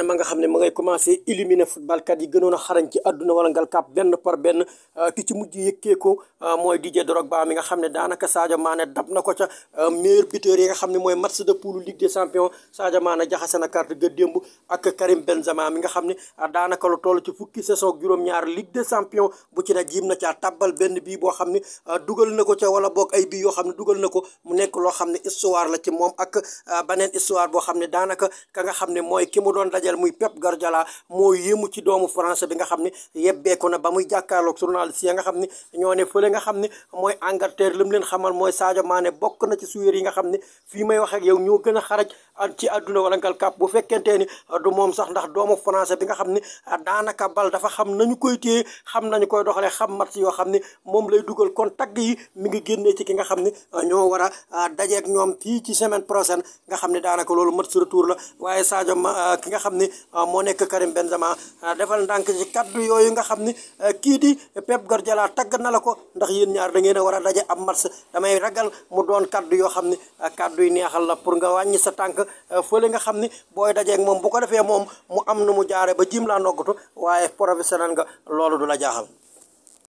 ne ma nga xam ne ma ngay commencé éliminer footballkat yi gënoon a xarañ ci àdduna wala ngal kàpp benn par benn ah, ki ci mujj yëkkee ko ah, mooy Didier Drogba mi nga xam ne daanaka Sadio Mané dab na ko ah, yi nga xam ne mooy match de poule Ligue des champions Sadio Mané jaxase nga xam ne daanaka lu toll ci fukki saison ak juróom-ñaar Ligue des champions bu ci ne jiim na caa tabbal benn bii boo xam ne dugal na ko ca wala boog ay bii yoo xam ne dugal na ko mu nekk loo xam ne histoire la ci moom ak beneen histoire boo xam ne daanaka ka nga xam ne mooy dajal muy Pep Guardiola moo yéemu ci doomu français bi nga xam ne yebbeeku na ba muy jàkkaarloog journaliste ya nga xam ne ñoo ne fële nga xam ne mooy Angleterre li leen xamal mooy Sadio Mané bokk na ci suyéer yi nga xam ne fii may wax ak yow ñoo gën a xaraj ci àdduna wala ngal kàpp bu fekkentee ni du moom sax ndax doomu français bi nga xam ne daanaka bal dafa xam nañu koy téye xam nañu koy doxalee xam si yoo xam ne moom lay dugal kon tagg yi mi ngi génnee ci ki nga xam ne ñoo war a ah, dajeeg ñoom tii ci semaine prochaine nga xam ne daanaka loolu match retour la ne ah, moo nekk Karim Benzema ah, defal ndànk ci kaddu yooyu nga xam ni ah, kii di Pep Guardiola tagg na la ko ndax yéen ñaar da ngeen a war a daje am match damay ragal mu doon kaddu yoo xam ni kaddu yi neexal la pour nga wàññi sa tànk fële nga xam ni booy dajeek moom bu ko defee moom mu am nu mu jaare ba jim laa noggatu waaye professionnel nga loolu du la jaaxal